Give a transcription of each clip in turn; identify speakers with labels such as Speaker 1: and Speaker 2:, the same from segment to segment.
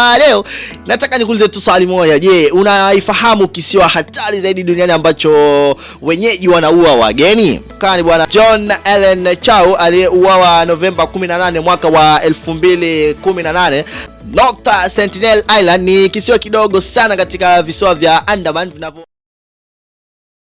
Speaker 1: Ah, leo nataka nikuulize tu swali moja. Je, unaifahamu kisiwa hatari zaidi duniani ambacho wenyeji wanaua wageni? Kani bwana John Allen Chau aliyeuawa Novemba 18 mwaka wa 2018. North Sentinel Island ni kisiwa kidogo sana katika visiwa vya Andaman vinavyo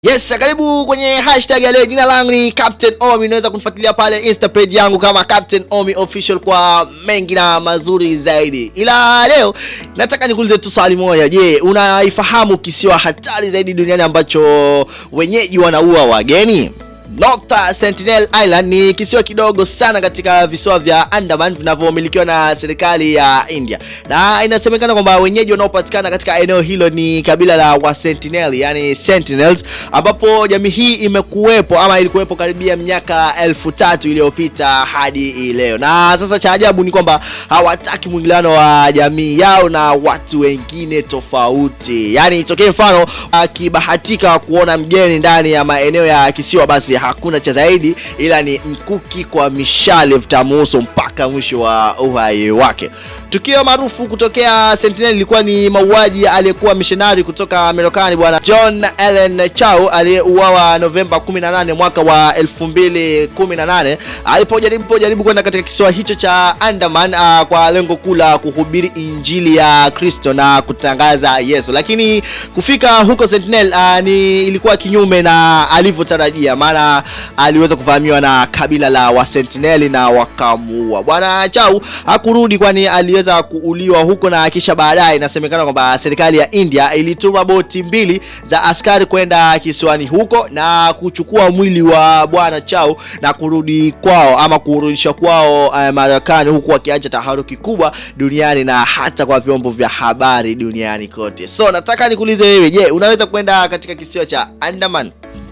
Speaker 1: Yes, karibu kwenye hashtag ya leo. Jina langu ni Captain Omi, unaweza kunifuatilia pale Insta page yangu kama Captain Omi official kwa mengi na mazuri zaidi, ila leo nataka nikuulize tu swali moja. Je, unaifahamu kisiwa hatari zaidi duniani ambacho wenyeji wanaua wageni? Nokta Sentinel Island ni kisiwa kidogo sana katika visiwa vya Andaman vinavyomilikiwa na serikali ya India, na inasemekana kwamba wenyeji wanaopatikana katika eneo hilo ni kabila la wa Sentinel, yani Sentinels, ambapo jamii hii imekuwepo ama ilikuwepo karibia miaka elfu tatu iliyopita hadi leo. Na sasa cha ajabu ni kwamba hawataki mwingiliano wa jamii yao na watu wengine tofauti, yani itokee mfano akibahatika kuona mgeni ndani ya maeneo ya kisiwa basi hakuna cha zaidi, ila ni mkuki kwa mishale, vitamuhusu mpaka mwisho wa uhai wake. Tukio maarufu kutokea Sentinel ilikuwa ni mauaji aliyekuwa missionary kutoka Marekani bwana John Allen Chau aliyeuawa Novemba 18 mwaka wa 2018 alipojaribu jaribu kwenda katika kisiwa hicho cha Andaman a, ah, kwa lengo kuu la kuhubiri injili ya Kristo na kutangaza Yesu, lakini kufika huko Sentinel a, ah, ni ilikuwa kinyume na alivyotarajia, maana aliweza kuvamiwa na kabila la Wasentineli na wakamuua. Bwana Chau hakurudi kwani aliweza aliweza kuuliwa huko, na kisha baadaye inasemekana kwamba serikali ya India ilituma boti mbili za askari kwenda kisiwani huko na kuchukua mwili wa bwana Chao na kurudi kwao ama kurudisha kwao uh, Marekani, huku wakiacha taharuki kubwa duniani na hata kwa vyombo vya habari duniani kote. So nataka nikuulize wewe, je, unaweza kwenda katika kisiwa cha Andaman?